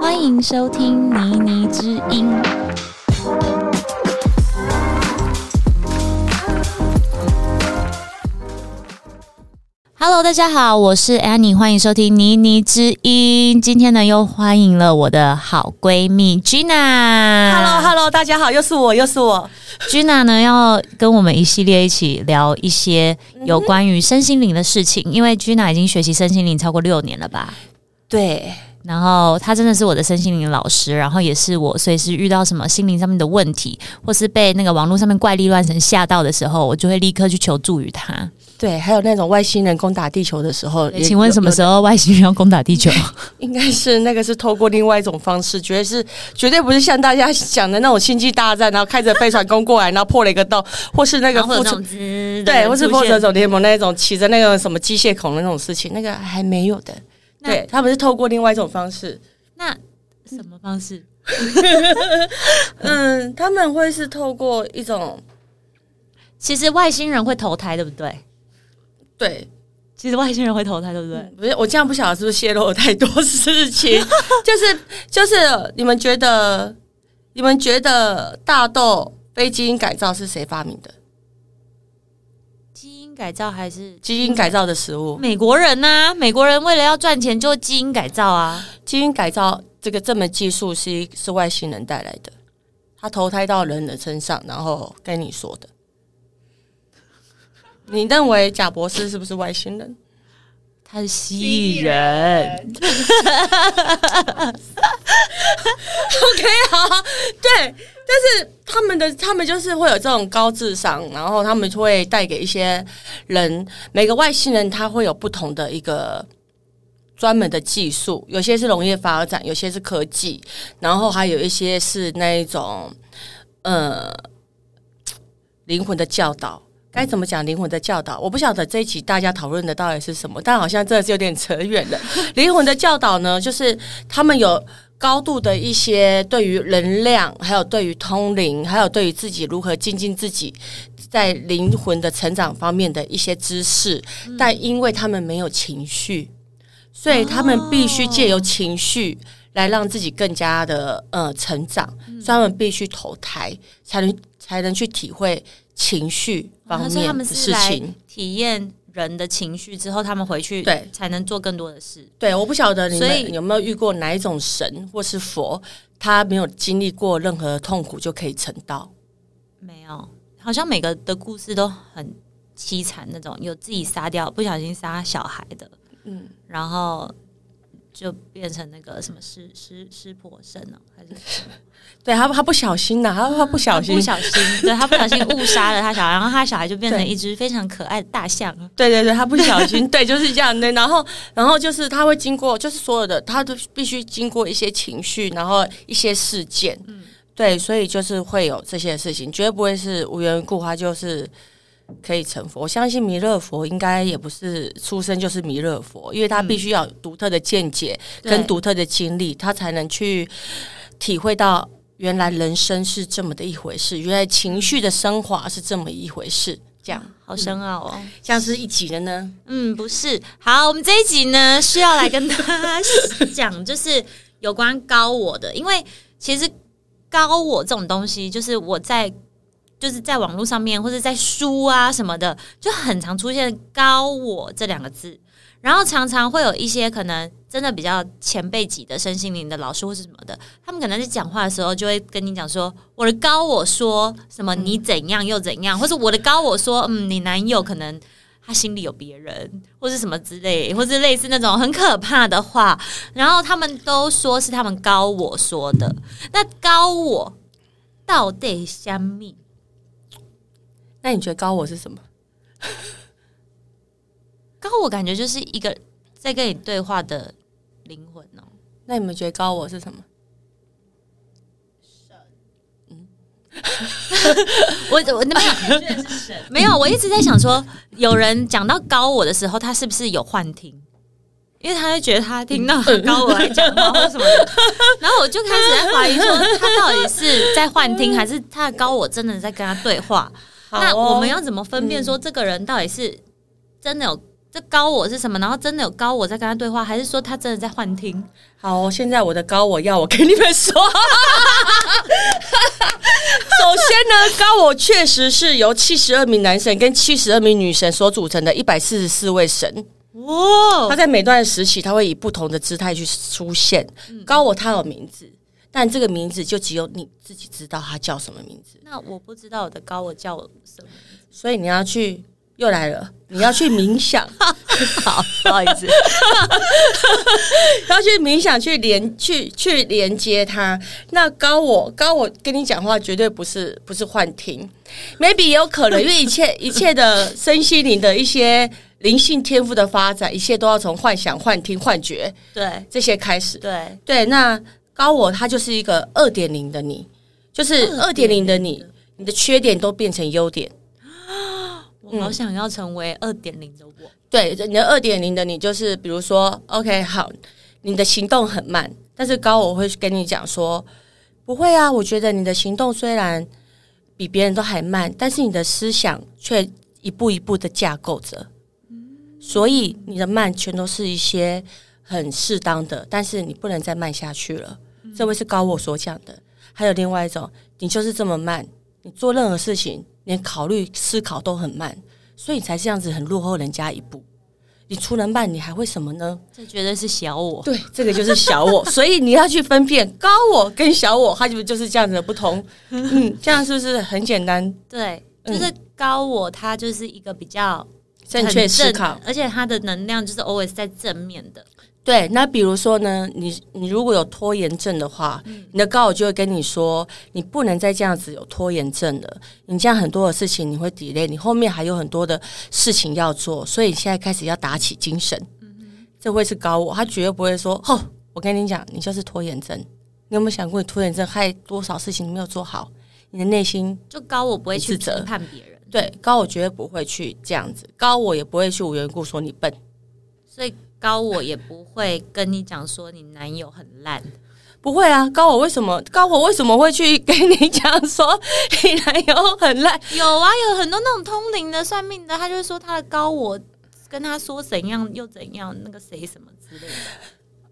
歡迎收聽《妮妮之音》。Hello，大家好，我是 Annie，歡迎收聽《妮妮之音》。今天呢，又歡迎了我的好閨蜜 Gina。Hello，Hello，hello，大家好，又是我，又是我。Gina 呢， 要跟我們一系列一起聊一些有關於身心靈的事情，mm hmm. 因為 Gina 已經學習身心靈超過六年了吧？對。然後他真的是我的身心靈老師，然後也是我隨時遇到什麼心靈上面的問題，或是被那個網絡上面怪力亂神嚇到的時候，我就會立刻去求助於他。對，還有那種外星人攻打地球的時候，也請問什麼時候外星人要攻打地球？應該是那個是透過另外一種方式，絕對是絕對不是像大家想的那種星際大戰，然後開着飛船攻過來，然後破了一個洞，或是那個復仇、嗯、對，或是復仇者聯盟那種，那種騎着那個什麼機械恐龍那種事情，那個還沒有的。那對，他們是透過另外一種方式，那什麼方式？ 嗯，他們會是透過一種，其實外星人會投胎，對不對？對，其實外星人會投胎，對不對？不是、嗯，我這樣不曉得是不是泄露了太多事情。就是 就是，就是、你們覺得你們覺得大豆非基因改造是誰發明的？改造還是基因改造的食物？嗯，美國人啊，美國人為了要賺錢就基因改造啊！基因改造這個這門技術是是外星人帶來的，他投胎到人的身上，然後跟你說的。你認為賈博士是不是外星人？ 他是蜥蜴人。OK，好，對。但是他們的，他們就是會有這種高智商，然後他們會帶給一些人，每個外星人他會有不同的一個專門的技術，有些是農業發展，有些是科技，然後還有一些是那一種呃靈魂的教導。該怎麼講靈魂的教導？我不曉得這一集大家討論的到底是什麼，但好像這是有點扯遠了。靈 魂的教導呢，就是他們有。高度的一些對於能量，還有對於通靈，還有對於自己如何精進自己在靈魂的成長方面的一些知識，嗯、但因為他們沒有情緒，所以他們必須借由情緒來讓自己更加的呃成長，嗯、所以他們必須投胎才能才能去體會情緒方面的事情，哦、體驗。人的情緒之後，他們回去對才能做更多的事。對，我不曉得你們有沒有遇過哪一種神或是佛，他沒有經歷過任何痛苦就可以成道？沒有，好像每個的故事都很淒慘，那種有自己殺掉，不小心殺小孩的，嗯，然後。就變成那個什麼濕濕濕婆神了，喔，還是 對，他他不小心吶，啊，他他不小心，不小心，對，他不小心誤殺了他小孩， 對 然後他小孩就變成一隻非常可愛的大象，對對對，他不小心， 對，就是這樣，對，然後然後就是他會經過，就是所有的他都必須經過一些情緒，然後一些事件，嗯，對，所以就是會有這些事情，絕對不會是無緣無故，他就是。可以成佛，我相信彌勒佛應該也不是出生就是彌勒佛，因為他必須要有獨特的見解跟獨特的經歷，對他才能去體會到原來人生是這麼的一回事，原來情緒的升華是這麼一回事。這樣好深奧哦、嗯，像是一起的呢？嗯，不是。好，我們這一集呢，是要來跟他講， 就是有關高我的，因為其實高我這種東西，就是我在。就是在網絡上面，或者在書啊什麼的，就很常出現“高我”這兩個字。然後常常會有一些可能真的比較前輩級的身心靈的老師或是什麼的，他們可能在講話的時候就會跟你講說：“我的高我說什麼你怎樣又怎樣，嗯、或是我的高我說嗯你男友可能他心裡有別人，或是什麼之類，或是類似那種很可怕的話。”然後他們都說是他們高我說的。那高我到底是什麼？那你覺得高我是什麼？高我感覺就是一個在跟你對話的靈魂哦。那你們覺得高我是什麼？神？嗯， 我我那邊、啊、沒有，我一直在想說，有人講到高我的時候，他是不是有幻聽？ 因為他會覺得他聽到很、嗯、他高我來講話？或什麼的？ 然後我就開始在懷疑說，他到底是在幻聽， 還是他的高我真的在跟他對話？好哦、那我們要怎麼分辨說這個人到底是真的有這高我是什麼？然後真的有高我在跟他對話，還是說他真的在幻聽？好、哦，現在我的高我要我跟你們說， 首先呢，高我確實是由七十二名男神跟七十二名女神所組成的一百四十四位神。哦。他在每段時期他會以不同的姿態去出現。嗯、高我，他有名字。但這個名字就只有你自己知道他叫什麼名字。那我不知道我的高我叫我什麼名字，所以你要去又來了，你要去冥想。 好，不好意思， 要去冥想去連去去連接他。那高我高我跟你講話絕對不是不是幻聽，maybe 也有可能， 因為一切一切的身心靈的一些靈性天賦的發展，一切都要從幻想、幻聽、幻覺對這些開始。對對，那。高我，他就是一個二點零的你，就是二點零的你，你的缺點都變成優點。啊，我好想要成為二點零的我。對，你的二點零的你，就是比如說，OK，好，你的行動很慢，但是高我會跟你講說，不會啊，我覺得你的行動雖然比別人都還慢，但是你的思想卻一步一步的架構着。所以你的慢全都是一些很適當的，但是你不能再慢下去了。這位是高我所講的，還有另外一種，你就是這麼慢，你做任何事情，連考慮思考都很慢，所以你才是這樣子很落後人家一步。你除了慢，你還會什麼呢？這絕對是小我。對，這個就是小我。 所以你要去分辨高我跟小我，它就就是這樣子的不同。嗯，這樣是不是很簡單？對，就是高我，它就是一個比較正、正確思考，而且它的能量就是 always 在正面的。對，那比如說呢，你你如果有拖延症的話，嗯、你的高我就會跟你說，你不能再這樣子有拖延症了。你這樣很多的事情你會 delay，你後面還有很多的事情要做，所以你現在開始要打起精神。嗯、哼這會是高我，他絕對不會說哦，我跟你講，你就是拖延症。你有沒有想過，你拖延症害多少事情你沒有做好？你的內心就，高我不會去評判別人，對，高我絕對不會去這樣子，高我也不會去無緣故說你笨，所以。高我也不會跟你講說你男友很爛，不會啊。高我為什麼高我為什麼會去跟你講說你男友很爛？有啊，有很多那種通靈的算命的，他就會說他的高我跟他說怎樣又怎樣，那個誰什麼之類的，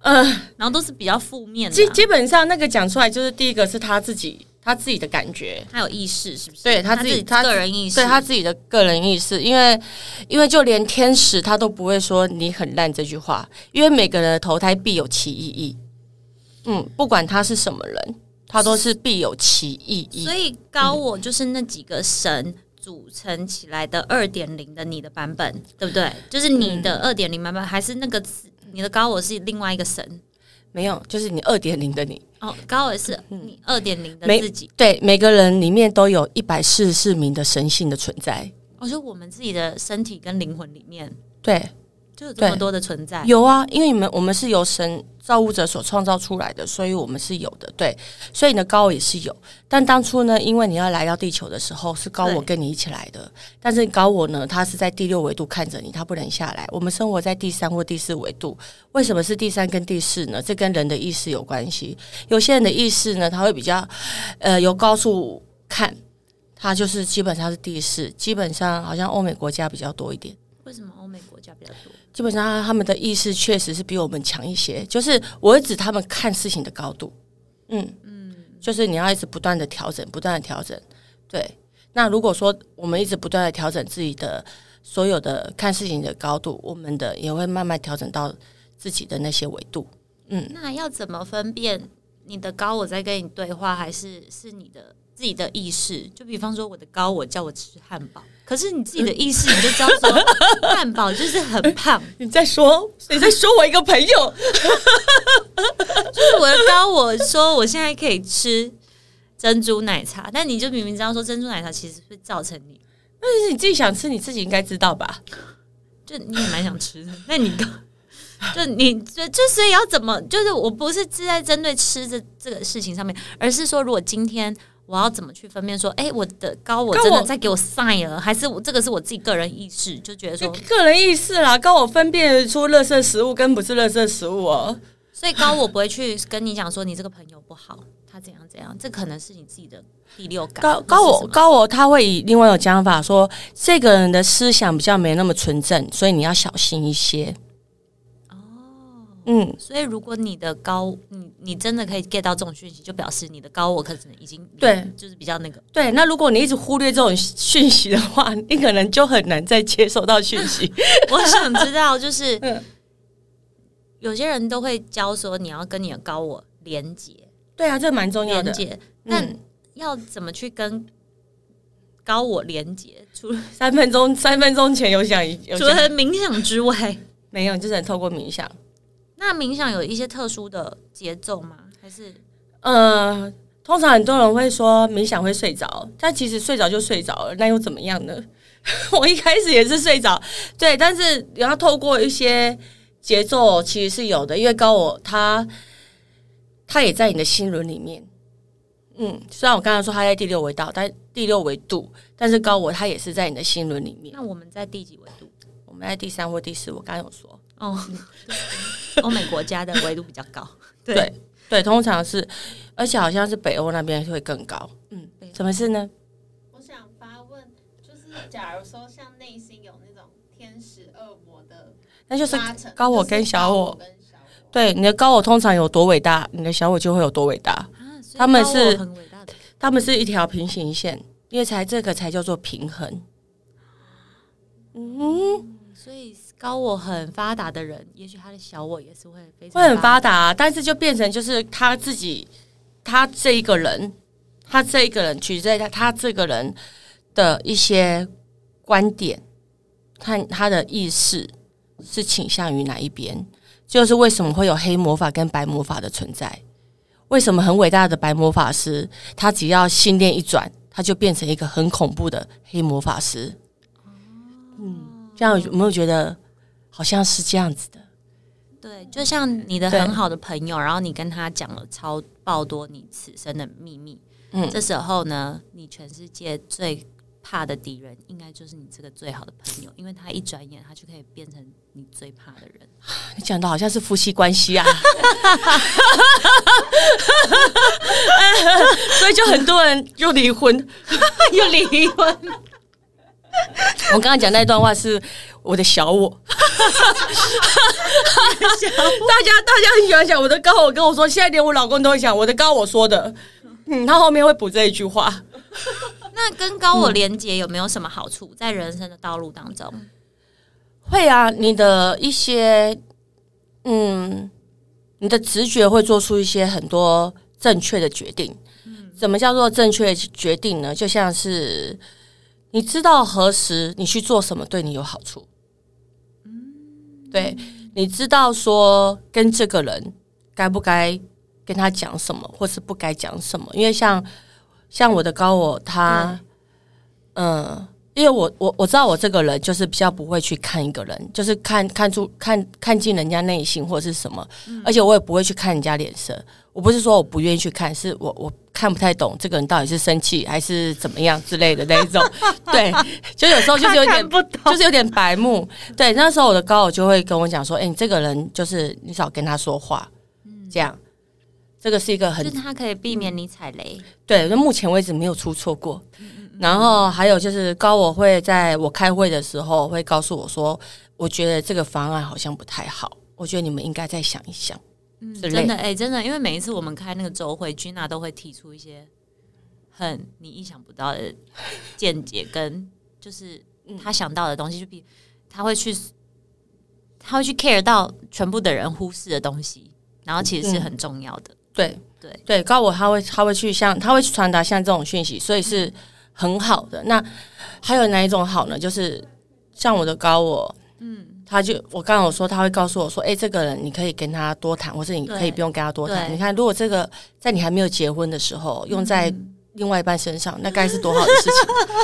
嗯，然後都是比較負面的。基基本上那個講出來就是第一個是他自己。他自己的感覺，他有意識是不是？對他自己，他自己個人意識，他對他自己的個人意識，因為，因為就連天使他都不會說你很爛這句話，因為每個人的投胎必有其意義，嗯，不管他是什麼人，他都是必有其意義。所以高我就是那幾個神組成起來的二點零的你的版本，對不對？就是你的二點零版本，嗯，還是那個你的高我是另外一個神。沒有，就是你二點零的你哦，高我是、嗯、2> 你二點零的自己。對，每個人裡面都有一百四十四名的神性的存在。哦，就我們自己的身體跟靈魂裡面。對。就這麼多的存在有啊，因為你們我們是由神造物者所創造出來的，所以我們是有的。對，所以你的高我也是有。但當初呢，因為你要來到地球的時候，是高我跟你一起來的。對但是高我呢，他是在第六維度看着你，他不能下來。我們生活在第三或第四維度，為什麼是第三跟第四呢？這跟人的意識有關係。有些人的意識呢，他會比較，呃，由高處看，他就是基本上是第四，基本上好像歐美國家比較多一點。為什麼歐美國家比較多？基本上他們的意識確實是比我們強一些，就是我會指他們看事情的高度，嗯嗯，就是你要一直不斷的調整，不斷的調整，對。那如果說我們一直不斷的調整自己的所有的看事情的高度，我們的也會慢慢調整到自己的那些維度，嗯。那要怎麼分辨你的高我在跟你對話，還是是你的？自己的意識，就比方說我的高我叫我吃漢堡，可是你自己的意識，你就知道說漢堡就是很胖。嗯、你在說你在說我一個朋友， 就是我的高我說我現在可以吃珍珠奶茶，但你就明明知道說珍珠奶茶其實會造成你，但是你自己想吃，你自己應該知道吧？就你也蠻想吃的，那你就你這，就是要怎麼？就是我不是只在針對吃這這個事情上面，而是說如果今天。我要怎麼去分辨說，哎、欸，我的高我真的在給我塞了，我還是我這個是我自己個人意識就覺得說，個人意識啦，高我分辨出垃圾食物跟不是垃圾食物哦、喔嗯，所以高我不會去跟你講說你這個朋友不好，他怎樣怎樣，這可能是你自己的第六感。高高我高我他會以另外一種講法說，這個人的思想比較沒那麼純正，所以你要小心一些。嗯，所以如果你的高你你真的可以 get 到這種訊息，就表示你的高我可能已經對，就是比較那個對。那如果你一直忽略這種訊息的話，你可能就很難再接收到訊息。 我想知道，就是、嗯、有些人都會教說你要跟你的高我連接，對啊，這蠻重要的。連接結，嗯、但要怎麼去跟高我連接？除了三分鐘三分鐘前有想，有想除了冥想之外，沒有，就只、是、能透過冥想。那冥想有一些特殊的節奏嗎？還是呃，通常很多人會說冥想會睡着，但其實睡着就睡着了，那又怎麼樣呢？ 我一開始也是睡着，對，但是然後透過一些節奏其實是有的，因為高我他他也在你的心輪裡面。嗯，雖然我剛才說他在第六維度，但第六維度，但是高我他也是在你的心輪裡面。那我們在第幾維度？我們在第三或第四，我剛剛有說哦。Oh 歐美國家的維度比較高 對對，對對，通常是，而且好像是北歐那邊會更高。嗯，北歐。什麼是呢？我想發問，就是假如說像內心有那種天使、惡魔的，那就是高我跟小我。就是高我跟小我。對，你的高我通常有多偉大，你的小我就會有多偉大。啊，他們是很偉大的，他們是他們是一條平行線，因為才這個才叫做平衡。嗯，嗯，所以。高我很發達的人，也許他的小我也是會非常發達，啊，但是就變成就是他自己，他這一個人，他這一個人，取決於他他這個人的一些觀點，看他的意識是傾向於哪一邊，就是為什麼會有黑魔法跟白魔法的存在？為什麼很偉大的白魔法師，他只要心念一轉，他就變成一個很恐怖的黑魔法師？嗯，這樣有沒有覺得？好像是這樣子的，對，就像你的很好的朋友，對然後你跟他講了超爆多你此生的秘密，嗯，這時候呢，你全世界最怕的敵人，應該就是你這個最好的朋友，因為他一轉眼，嗯，他就可以變成你最怕的人。你講的好像是夫妻關係啊，所以就很多人又離婚，又 離婚。我剛剛講那一段話是我的小我， 大家大家很喜歡講，我的高我跟我說，現在連我老公都會講，我的高我說的，嗯，他後面會補這一句話。那跟高我連結有沒有什麼好處？嗯、在人生的道路當中、嗯，會啊，你的一些，嗯，你的直覺會做出一些很多正確的決定。嗯，怎麼叫做正確決定呢？就像是。你知道何時你去做什麼對你有好處，嗯，對，你知道說跟這個人該不該跟他講什麼，或是不該講什麼，因為像像我的高我他，嗯。因為我我我知道我這個人就是比較不會去看一個人，就是看看出看看進人家內心或者是什麼，嗯、而且我也不會去看人家臉色。我不是說我不願意去看，是我我看不太懂這個人到底是生氣還是怎麼樣之類的那一種。 對，就有時候就是有點不懂，就是有點白目。對，那時候我的高我就會跟我講說：“哎、欸，你這個人就是你少跟他說話，嗯、這樣。”這個是一個很，就是他可以避免你踩雷。對，就目前為止沒有出錯過。然後還有就是高我會在我開會的時候會告訴我說，我覺得這個方案好像不太好，我覺得你們應該再想一想，嗯，真的哎、欸，真的，因為每一次我們開那個週會 Gina 都會提出一些很你意想不到的見解，跟就是他想到的東西，就比他會去他會去 care 到全部的人忽視的東西，然後其實是很重要的，嗯、對對對，高我他會他會去向他會去傳達像這種訊息，所以是。嗯很好的，那還有哪一種好呢？就是像我的高我，嗯，他就我剛剛我說他會告訴我說，哎、欸，這個人你可以跟他多談，或者你可以不用跟他多談。你看，如果這個在你還沒有結婚的時候用在另外一半身上，嗯、哼那該是多好的事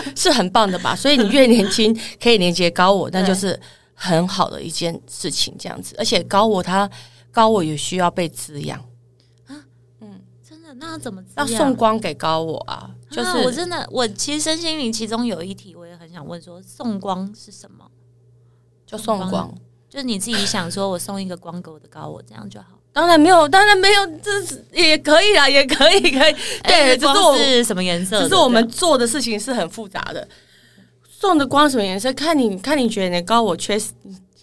情， 是很棒的吧？所以你越年輕可以連接高我，那 就是很好的一件事情，這樣子。對而且高我他高我也需要被滋養啊，嗯，真的，那怎麼滋養？要送光給高我啊。就是、那我真的，我其實身心靈其中有一題，我也很想問說，送光是什麼？送就送光，就是你自己想說，我送一個光給我的高我 這樣就好。當然沒有，當然沒有，這是也可以啦，也可以，可以。對，這、欸、光，是什麼顏色？這是我們做的事情是很複雜的。對送的光是什麼顏色？看你看你覺得你的高我缺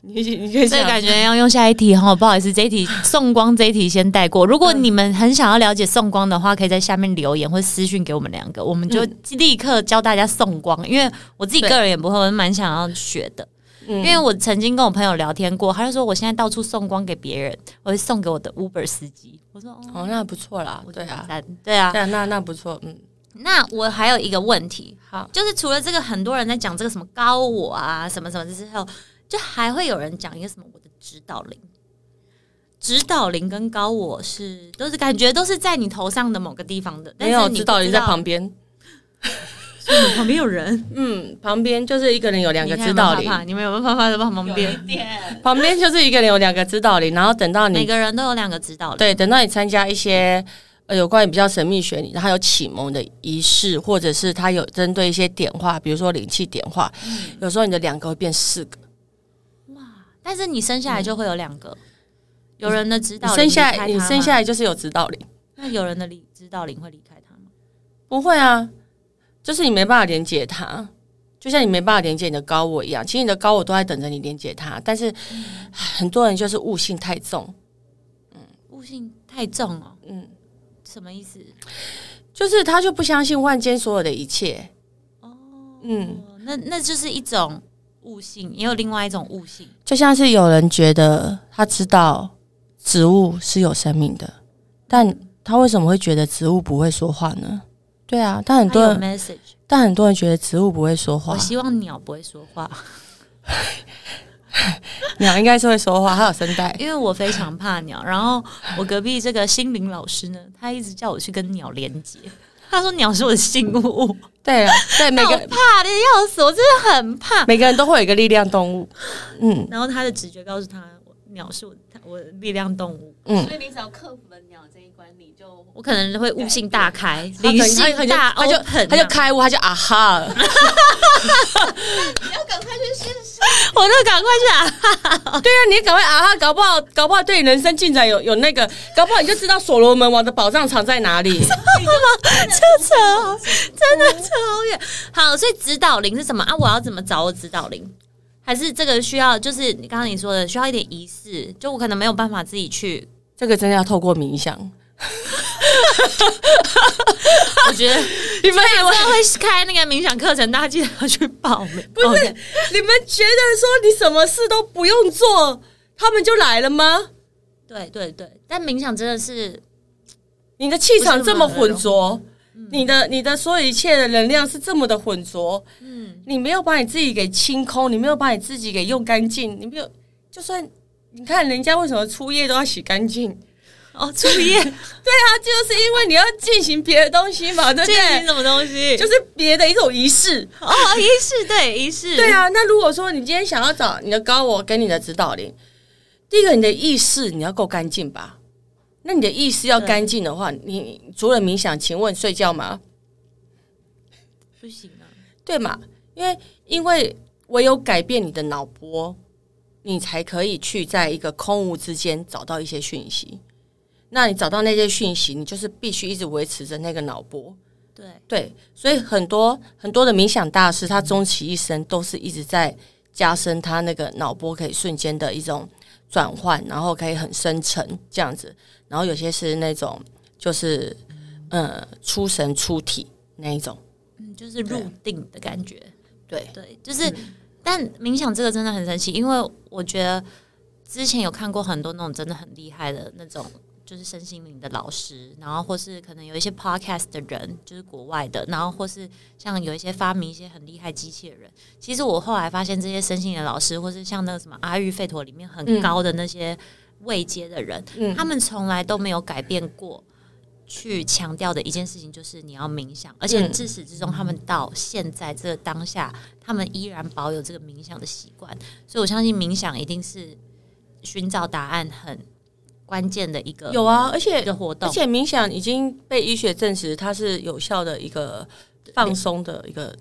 你你這感覺要用下一題哦，不好意思，這一題送光這一題先帶過。如果你們很想要了解送光的話，可以在下面留言或私信給我們兩個，我們就立刻教大家送光。因為我自己個人也不會，我蠻想要學的。對因為我曾經跟我朋友聊天過，他就說我現在到處送光給別人，我會送給我的 Uber 司機。我說哦，哦，那不錯啦。對啊，對啊，對啊，那那不錯。嗯，那我還有一個問題，好，就是除了這個，很多人在講這個什麼高我啊，什麼什麼之後。就還會有人講一個什麼我的指導靈，指導靈跟高我是都是感覺都是在你頭上的某個地方的，沒有指導靈在旁邊， 旁邊有人，嗯，旁邊就是一個人有兩個指導靈，你們有沒有辦法放在旁邊，旁邊就是一個人有兩個指導靈，然後等到你每個人都有兩個指導靈，對，等到你參加一些呃有關於比較神秘學，然後有啟蒙的儀式，或者是他有針對一些點化，比如說靈氣點化，嗯、有時候你的兩個會變四個。但是你生下來就會有兩個，有人的指導靈，嗯、生下來你生下來就是有指導靈。那有人的理指導靈會離開他嗎？不會啊，就是你沒辦法連接他，就像你沒辦法連接你的高我一樣。其實你的高我都在等着你連接他，但是、嗯、很多人就是悟性太重，嗯，悟性太重了。嗯，什麼意思？就是他就不相信萬間所有的一切。哦，嗯，那那就是一種。悟性，也有另外一種悟性，就像是有人覺得他知道植物是有生命的，但他為什麼會覺得植物不會說話呢？對啊，但很多人，但很多人覺得植物不會說話。我希望鳥不會說話， 鳥應該是會說話，它有聲帶。因為我非常怕鳥，然後我隔壁這個心靈老師呢，他一直叫我去跟鳥連接。他說：“鳥是我的信物。”嗯，對啊，對每個 怕的要死我，我真的很怕。每個人都會有一個力量動物，嗯，然後他的直覺告訴他。鳥是我，我力量動物。嗯，所以你只要克服了鳥這一關，你就我可能會悟性大開，靈性大，我他就他就開悟，他就啊哈。你要趕快去試試，我就趕快去啊哈。對啊，你趕快啊哈，搞不好搞不好對人生進展有有那個，搞不好你就知道所羅門王的寶藏藏在哪裡。真的好，真的超遠。好，所以指導靈是什麼啊？我要怎麼找我指導靈？還是這個需要，就是你剛剛你說的，需要一點儀式。就我可能沒有辦法自己去，這個真的要透過冥想。 我覺得你們以後會開那個冥想課程，大家記得要去報名。不是，Okay 你們覺得說你什麼事都不用做，他們就來了嗎？對對對，但冥想真的是，是的你的氣場這麼渾濁。你的你的所有一切的能量是這麼的混濁，嗯，你沒有把你自己給清空，你沒有把你自己給用乾淨，你沒有。就算你看人家為什麼初夜都要洗乾淨？哦，初夜， 對啊，就是因為你要進行別的東西嘛， 對吧，進行什麼東西？就是別的一種儀式。哦，儀式，對，儀式，對，式，對啊。那如果說你今天想要找你的高我跟你的指導靈，第一個你的意識你要夠乾淨吧。那你的意思要乾淨的話，對你除了冥想，請問睡覺嗎？不行啊，對嘛？因為因為唯有改變你的腦波，你才可以去在一個空無之間找到一些訊息。那你找到那些訊息，你就是必須一直維持着那個腦波。對對，所以很多很多的冥想大師，他終其一生都是一直在加深他那個腦波可以瞬間的一種。轉換，然後可以很深沉這樣子，然後有些是那種就是，呃，出神出體那一種，嗯，就是入定的感覺，對對，對，就是，嗯、但冥想這個真的很神奇，因為我覺得之前有看過很多那種真的很厲害的那種。就是身心靈的老師，然後或是可能有一些 podcast 的人，就是國外的，然後或是像有一些發明一些很厲害機器的人。其實我後來發現，這些身心靈老師，或是像那個什麼阿育吠陀裡面很高的那些位階的人，嗯、他們從來都沒有改變過，去強調的一件事情就是你要冥想，而且自始至終，他們到現在這個當下，他們依然保有這個冥想的習慣。所以我相信冥想一定是尋找答案很關鍵的一個有啊，而且而且冥想已經被醫學證實它是有效的一個放鬆的一個，對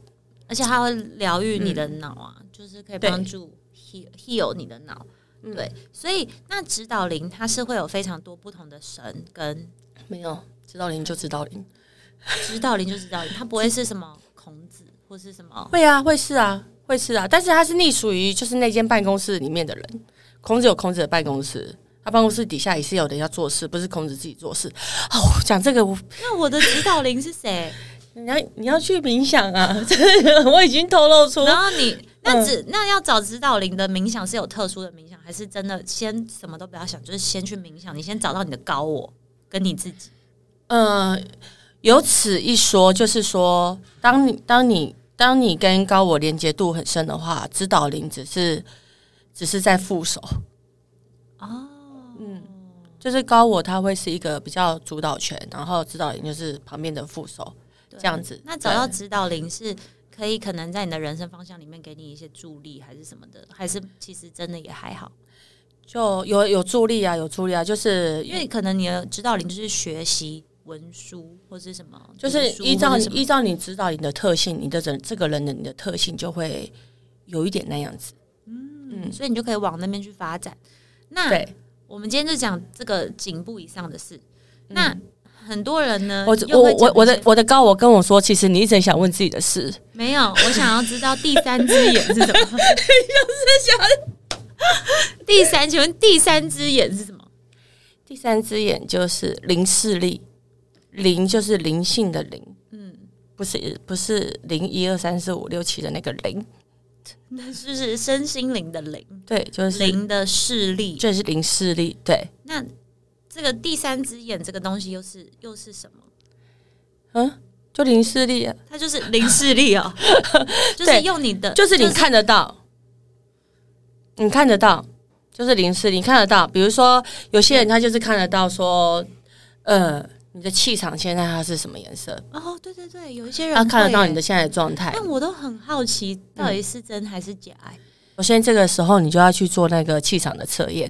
而且它會療癒你的腦啊，嗯、就是可以幫助 heal he heal 你的腦。對，嗯、對，所以那指導靈它是會有非常多不同的神跟沒有指導靈就指導靈， 指導靈就指導靈，它不會是什麼孔子或是什麼？會啊，會是啊，會是啊，但是它是隸屬於就是那間辦公室裡面的人，孔子有孔子的辦公室。他辦公室底下也是有人要做事，不是孔子自己做事。哦，講這個我……那我的指導靈是誰？ 你要你要去冥想啊！ 我已經透露出。然後你那指、嗯、那要找指導靈的冥想是有特殊的冥想，還是真的先什麼都不要想，就是先去冥想？你先找到你的高我跟你自己。呃，有此一說，就是說，當你當你當你跟高我連接度很深的話，指導靈只是只是在副手哦。嗯，就是高我他會是一個比較主導權，然後指導靈，就是旁邊的副手。對這樣子。那找到指導靈是可以，可能在你的人生方向裡面給你一些助力，還是什麼的？還是其實真的也還好？就有有助力啊，有助力啊，就是因為可能你的指導靈就是學習文書或者什麼，就是依照是依照你指導靈的特性，你的人這個人的你的特性就會有一點那樣子。嗯，所以你就可以往那邊去發展。那。對我們今天就講這個頸部以上的事。那很多人呢，我我我的我的高我跟我說，其實你一直很想問自己的事，沒有？我想要知道第三隻眼是什麼？ 是第三請問第三隻眼是什麼？第三隻眼就是靈視力，靈就是靈性的靈，嗯，不是不是零一二三四五六七的那個零。那是不是身心靈的靈？對，就是靈的視力，這是靈視力。對，那這個第三隻眼這個東西又是又是什麼？嗯，就靈視力，它就是靈視力啊，就是用你的，就是你看得到，就是、你看得到，就是靈視力，看得到。比如說，有些人他就是看得到，說，對呃。你的氣場現在它是什麼顏色？哦，oh, 對對對，有一些人他看得到你的現在的狀態。但我都很好奇，到底是真、嗯、還是假？首先，這個時候你就要去做那個氣場的測驗。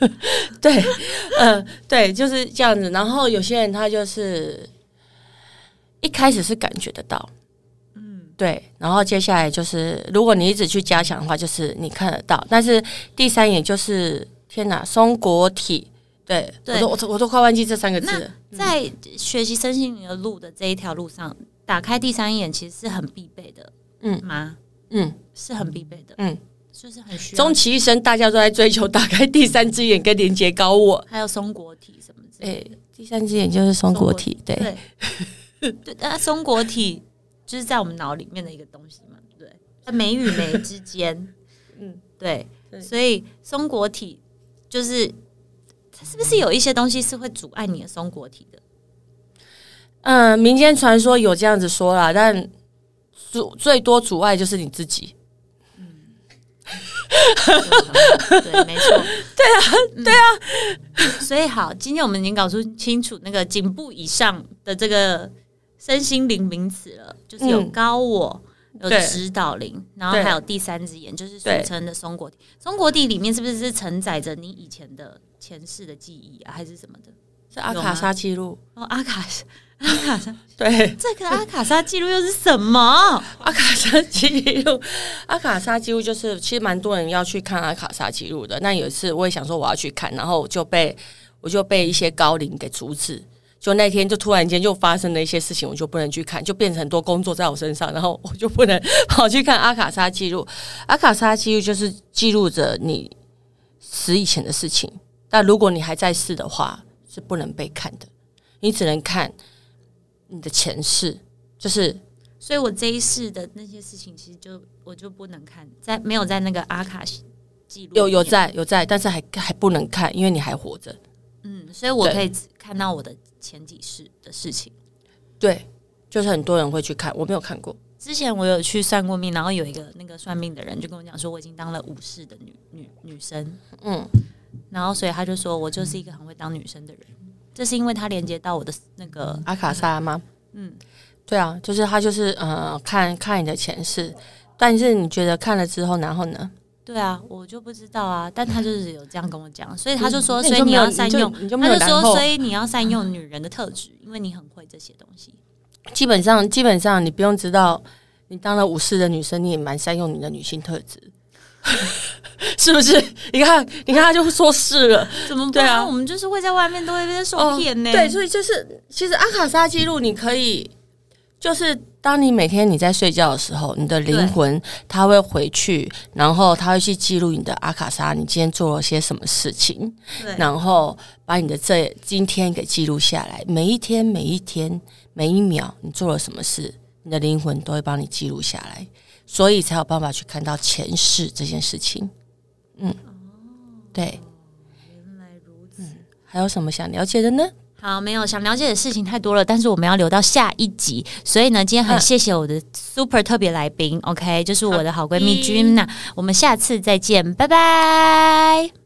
對，呃，對，就是這樣子。然後有些人他就是一開始是感覺得到，嗯，對。然後接下來就是，如果你一直去加強的話，就是你看得到。但是第三眼就是，天哪，松果體。對，我都我都我都快忘記這三個字。在學習身心靈的路的這一條路上，打開第三眼其實是很必備的。嗯，嗎？嗯，是很必備的。嗯，就是很需要。終其一生，大家都在追求打開第三隻眼跟連結高我。還有松果體什麼之類。哎，第三隻眼就是松果體。對，對，那松果體就是在我們腦裡面的一個東西嘛。對，眉與眉之間。嗯，對，所以松果體就是。是不是有一些東西是會阻礙你的松果體的？嗯、呃，民間傳說有這樣子說啦，但阻最多阻礙就是你自己。嗯嗯、 對，沒錯， 對啊，嗯、對啊。所以好，今天我們已經搞出清楚那個頸部以上的這個身心靈名詞了，就是有高我。嗯有指導靈，對然後還有第三隻眼，對就是俗稱的松果體。松果體裡面是不是是承載着你以前的前世的記憶啊，還是什麼的？是阿卡莎記錄哦，阿卡阿卡莎 對，這個阿卡莎記錄又是什麼？對 阿卡莎記錄，阿卡莎記錄就是，其實蠻多人要去看阿卡莎記錄的。那有一次我也想說我要去看，然後我就被我就被一些高靈給阻止。就那天就突然間就發生了一些事情，我就不能去看，就變成很多工作在我身上，然後我就不能跑去看阿卡莎記錄。阿卡莎記錄就是記錄着你死以前的事情，但如果你還在世的話，是不能被看的，你只能看你的前世。就是，所以我這一世的那些事情，其實就我就不能看，在沒有在那個阿卡記錄有有在有在，但是還還不能看，因為你還活着。嗯，所以我可以只看到我的。前幾世的事情，對，就是很多人會去看，我沒有看過。之前我有去算過命，然後有一個那個算命的人就跟我講說，我已經當了五世的女女女生，嗯，然後所以他就說我就是一個很會當女生的人，這是因為他連接到我的那個阿卡莎嗎？嗯，對啊，就是他就是呃，看看你的前世，但是你覺得看了之後，然後呢？對啊，我就不知道啊，但他就是有這樣跟我講，所以他就說，欸、就所以你要善用，就就他就說，所以你要善用女人的特質，因為你很會這些東西。基本上，基本上你不用知道，你當了武士的女生，你也蠻善用你的女性特質， 是不是？你看，你看他就說是了，怎麼辦啊？對啊？我們就是會在外面都會被受騙呢。對，所以就是其實阿卡莎記錄你可以。就是當你每天你在睡覺的時候，你的靈魂它會回去，對然後它會去記錄你的阿卡莎，你今天做了些什麼事情，對然後把你的這今天給記錄下來，每一天、每一天、每一秒你做了什麼事，你的靈魂都會幫你記錄下來，所以才有辦法去看到前世這件事情。嗯，哦、對，原來如此、嗯。還有什麼想了解的呢？好，沒有想了解的事情太多了，但是我們要留到下一集。所以呢，今天很謝謝我的 super 特別來賓，啊，OK，就是我的好閨蜜 Gina，我們下次再見，拜拜。